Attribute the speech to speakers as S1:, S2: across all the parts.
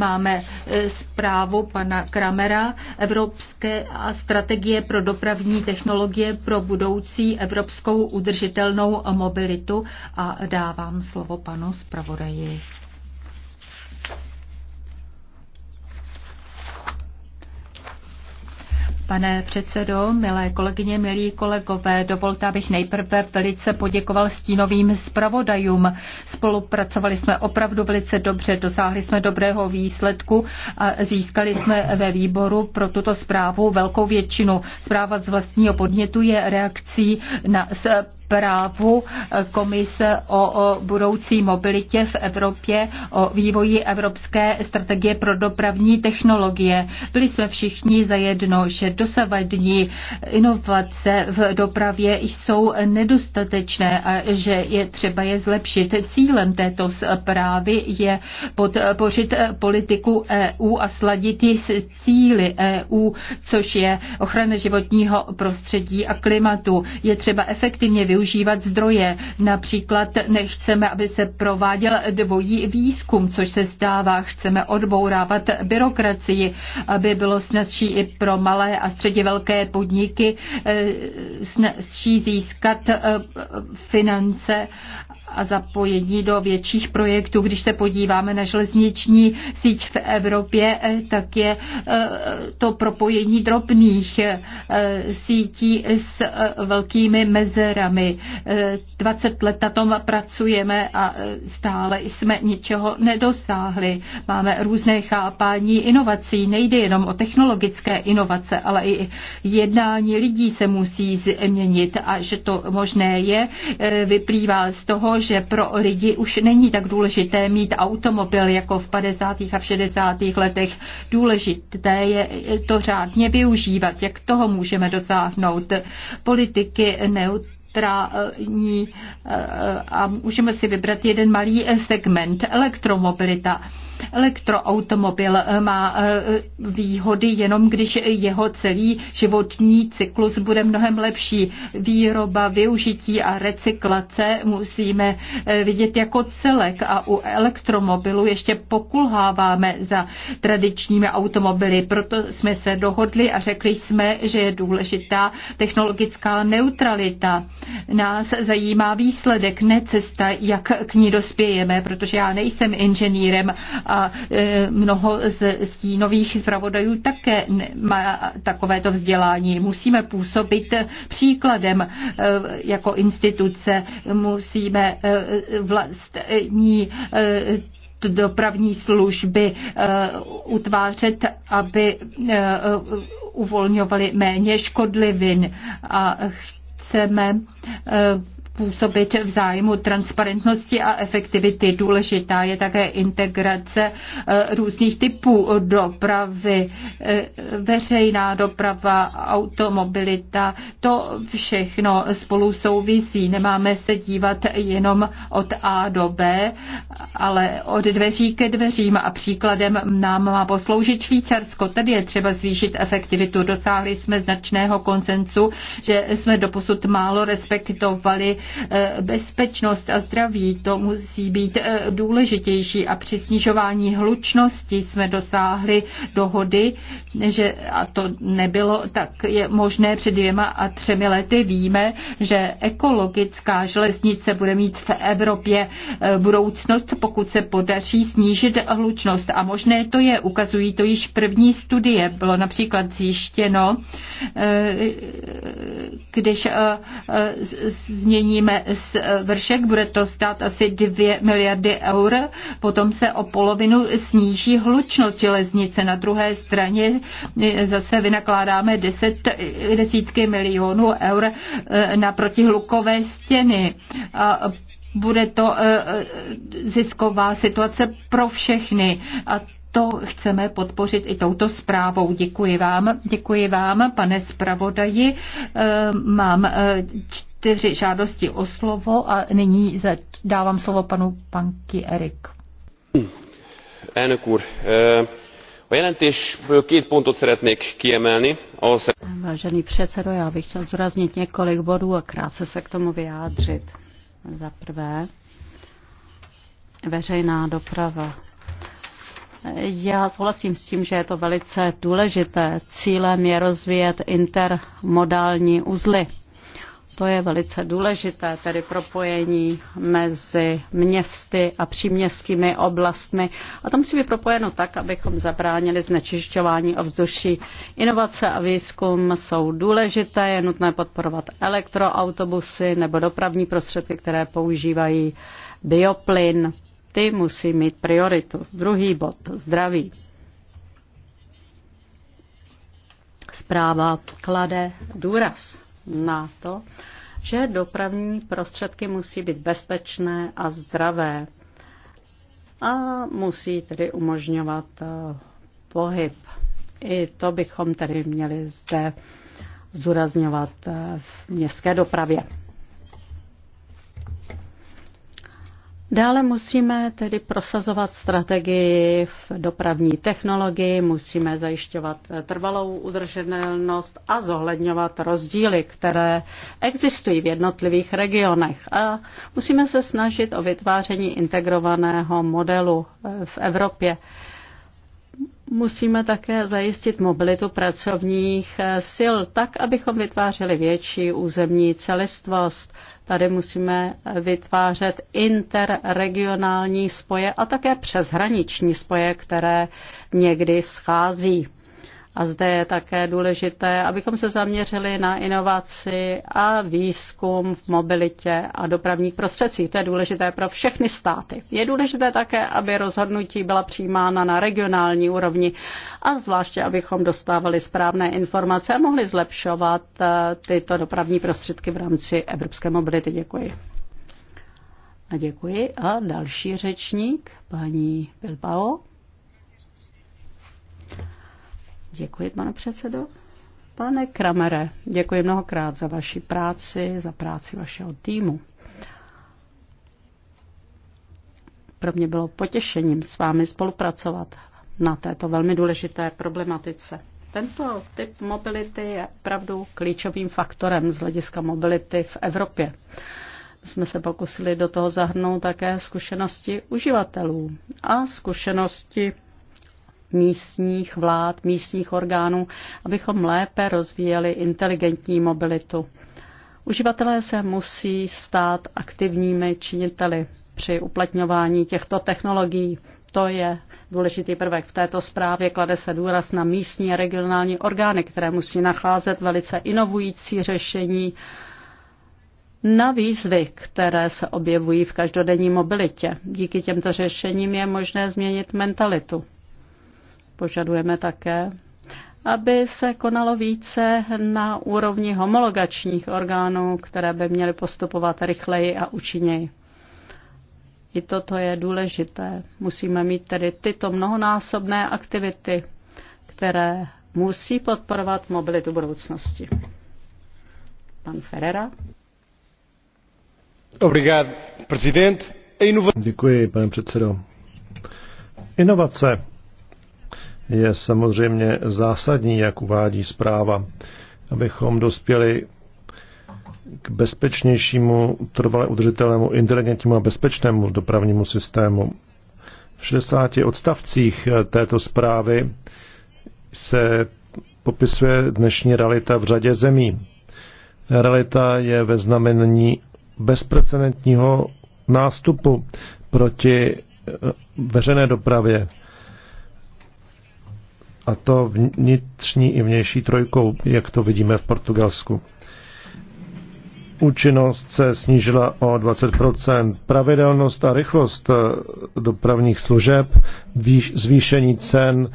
S1: Máme e, zprávu pana Kramera, Evropské strategie pro dopravní technologie pro budoucí evropskou udržitelnou mobilitu a dávám slovo panu zpravodaji. Pane předsedo, milé kolegyně, milí kolegové, dovolte, abych nejprve velice poděkoval stínovým zpravodajům. Spolupracovali jsme opravdu velice dobře, dosáhli jsme dobrého výsledku a získali jsme ve výboru pro tuto zprávu velkou většinu. Zpráva z vlastního podnětu je reakcí na zprávu Komise o budoucí mobilitě v Evropě, o vývoji Evropské strategie pro dopravní technologie. Byli jsme všichni zajedno, že dosavadní inovace v dopravě jsou nedostatečné a že je třeba je zlepšit. Cílem této zprávy je podpořit politiku EU a sladit ji s cíly EU, což je ochrana životního prostředí a klimatu. Je třeba efektivně využít využívat zdroje. Například nechceme, aby se prováděl dvojí výzkum, což se stává. Chceme odbourávat byrokracii, aby bylo snazší i pro malé a středně velké podniky eh, snazší získat eh, finance a zapojení do větších projektů. Když se podíváme na železniční síť v Evropě, eh, tak je eh, to propojení drobných eh, sítí s velkými mezerami. 20 let na tom pracujeme a stále jsme ničeho nedosáhli. Máme různé chápání inovací. Nejde jenom o technologické inovace, ale i jednání lidí se musí změnit a že to možné je, vyplývá z toho, že pro lidi už není tak důležité mít automobil jako v 50. a 60. letech. Důležité je to řádně využívat. Jak toho můžeme dosáhnout? Politiky neutrální eh, a můžeme si vybrat jeden malý segment elektromobilita. Elektroautomobil má e, výhody jenom, když jeho celý životní cyklus bude mnohem lepší. Výroba, využití a recyklace musíme e, vidět jako celek a u elektromobilu ještě pokulháváme za tradičními automobily. Proto jsme se dohodli a řekli jsme, že je důležitá technologická neutralita. Nás zajímá výsledek, ne cesta, jak k ní dospějeme, protože já nejsem inženýrem a e, mnoho z stínových zpravodajů také má takovéto vzdělání. Musíme působit příkladem e, jako instituce, musíme e, vlastní dopravní služby utvářet, aby uvolňovali méně škodlivin a chceme působit v zájmu transparentnosti a efektivity. Důležitá je také integrace eh, různých typů dopravy, eh, veřejná doprava, automobilita, to všechno spolu souvisí. Nemáme se dívat jenom od A do B, ale od dveří ke dveřím a příkladem nám má posloužit Švýcarsko. Tady je třeba zvýšit efektivitu. Dosáhli jsme značného konsensu, že jsme doposud málo respektovali Eh, bezpečnost a zdraví, to musí být eh, důležitější a při snižování hlučnosti jsme dosáhli dohody, že a to nebylo tak je možné před dvěma a třemi lety. Víme, že ekologická železnice bude mít v Evropě eh, budoucnost, pokud se podaří snížit hlučnost. A možné to je, ukazují to již první studie. Bylo například zjištěno, když změní zmíním z vršek, bude to stát asi 2 miliardy eur, potom se o polovinu sníží hlučnost železnice. Na druhé straně zase vynakládáme 10, desítky milionů eur eh, na protihlukové stěny. A bude to eh, zisková situace pro všechny. A to chceme podpořit i touto zprávou. Děkuji vám, děkuji vám, pane zpravodaji. Eh, mám čtyři žádosti o slovo a nyní dávám slovo panu Panky Erik. Vážený předsedo,
S2: já bych chtěl zdůraznit několik bodů a krátce se k tomu vyjádřit. Za prvé, veřejná doprava. Já souhlasím s tím, že je to velice důležité. Cílem je rozvíjet intermodální uzly. To je velice důležité, tedy propojení mezi městy a příměstskými oblastmi. A to musí být propojeno tak, abychom zabránili znečišťování ovzduší. Inovace a výzkum jsou důležité, je nutné podporovat elektroautobusy nebo dopravní prostředky, které používají bioplyn. Ty musí mít prioritu. Druhý bod, zdraví. Zpráva klade důraz na to, že dopravní prostředky musí být bezpečné a zdravé a musí tedy umožňovat eh, pohyb. I to bychom tedy měli zde zúrazňovat eh, v městské dopravě. Dále musíme tedy prosazovat strategii v dopravní technologii, musíme zajišťovat trvalou udržitelnost a zohledňovat rozdíly, které existují v jednotlivých regionech. A musíme se snažit o vytváření integrovaného modelu v Evropě. Musíme také zajistit mobilitu pracovních eh, sil tak, abychom vytvářeli větší územní celistvost. Tady musíme eh, vytvářet interregionální spoje a také přeshraniční spoje, které někdy schází. A zde je také důležité, abychom se zaměřili na inovaci a výzkum v mobilitě a dopravních prostředcích. To je důležité pro všechny státy. Je důležité také, aby rozhodnutí byla přijímána na regionální úrovni a zvláště, abychom dostávali správné informace a mohli zlepšovat eh, tyto dopravní prostředky v rámci evropské mobility. Děkuji. A děkuji. A další řečník, paní Bilbao. Děkuji, pane předsedo. Pane Kramere, děkuji mnohokrát za vaši práci, za práci vašeho týmu. Pro mě bylo potěšením s vámi spolupracovat na této velmi důležité problematice. Tento typ mobility je opravdu klíčovým faktorem z hlediska mobility v Evropě. My jsme se pokusili do toho zahrnout také zkušenosti uživatelů a zkušenosti místních vlád, místních orgánů, abychom lépe rozvíjeli inteligentní mobilitu. Uživatelé se musí stát aktivními činiteli při uplatňování těchto technologií. To je důležitý prvek. V této zprávě klade se důraz na místní a regionální orgány, které musí nacházet velice inovující řešení na výzvy, které se objevují v každodenní mobilitě. Díky těmto řešením je možné změnit mentalitu. Požadujeme také, aby se konalo více na úrovni homologačních orgánů, které by měly postupovat rychleji a účinněji. I toto je důležité. Musíme mít tedy tyto mnohonásobné aktivity, které musí podporovat mobilitu budoucnosti. Pan Ferrera.
S3: Obrigado, prezident. Děkuji, pane předsedo. Inovace je samozřejmě zásadní, jak uvádí zpráva, abychom dospěli k bezpečnějšímu, trvale udržitelnému, inteligentnímu a bezpečnému dopravnímu systému. V 60 odstavcích eh, této zprávy se popisuje dnešní realita v řadě zemí. Realita je ve znamení bezprecedentního nástupu proti eh, veřejné dopravě a to vnitřní i vnější trojkou, jak to vidíme v Portugalsku. Účinnost se snížila o 20%, pravidelnost a rychlost eh, dopravních služeb, zvýšení cen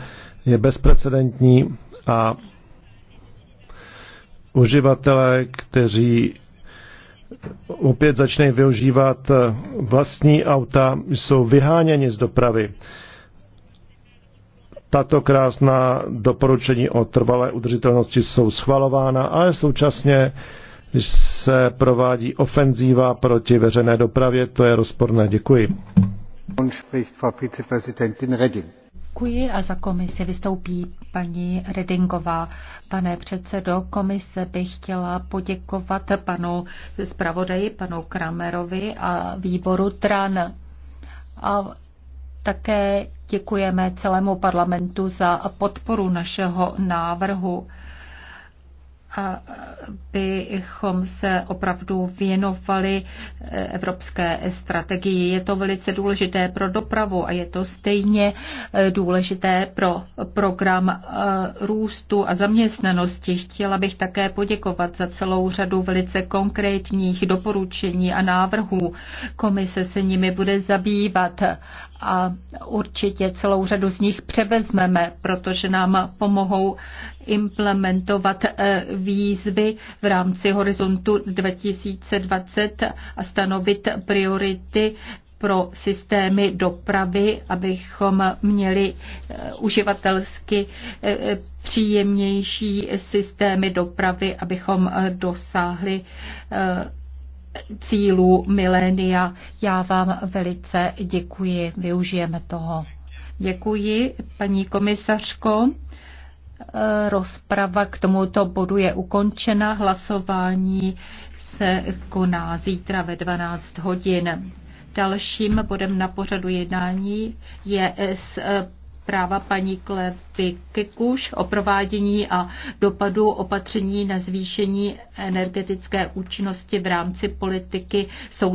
S3: je bezprecedentní a uživatelé, kteří opět začnou využívat eh, vlastní auta, jsou vyháněni z dopravy tato krásná doporučení o trvalé udržitelnosti jsou schvalována, ale současně když se provádí ofenzíva proti veřejné dopravě, to je rozporné. Děkuji. Děkuji
S1: a za komisi vystoupí paní Redingová. Pane předsedo, komise bych chtěla poděkovat panu zpravodaji, panu Kramerovi a výboru TRAN. A také děkujeme celému parlamentu za podporu našeho návrhu abychom se opravdu věnovali eh, evropské strategii. Je to velice důležité pro dopravu a je to stejně eh, důležité pro program eh, růstu a zaměstnanosti. Chtěla bych také poděkovat za celou řadu velice konkrétních doporučení a návrhů. Komise se nimi bude zabývat a určitě celou řadu z nich převezmeme, protože nám pomohou implementovat eh, výzvy v rámci horizontu 2020 a stanovit priority pro systémy dopravy, abychom měli eh, uživatelsky eh, příjemnější systémy dopravy, abychom dosáhli cílů milénia. Já vám velice děkuji, využijeme toho. Děkuji, paní komisařko. Eh, rozprava k tomuto bodu je ukončena. Hlasování se koná zítra ve 12 hodin. Dalším bodem na pořadu jednání je eh, s eh, práva paní Klevy Kikuš o provádění a dopadu opatření na zvýšení energetické účinnosti v rámci politiky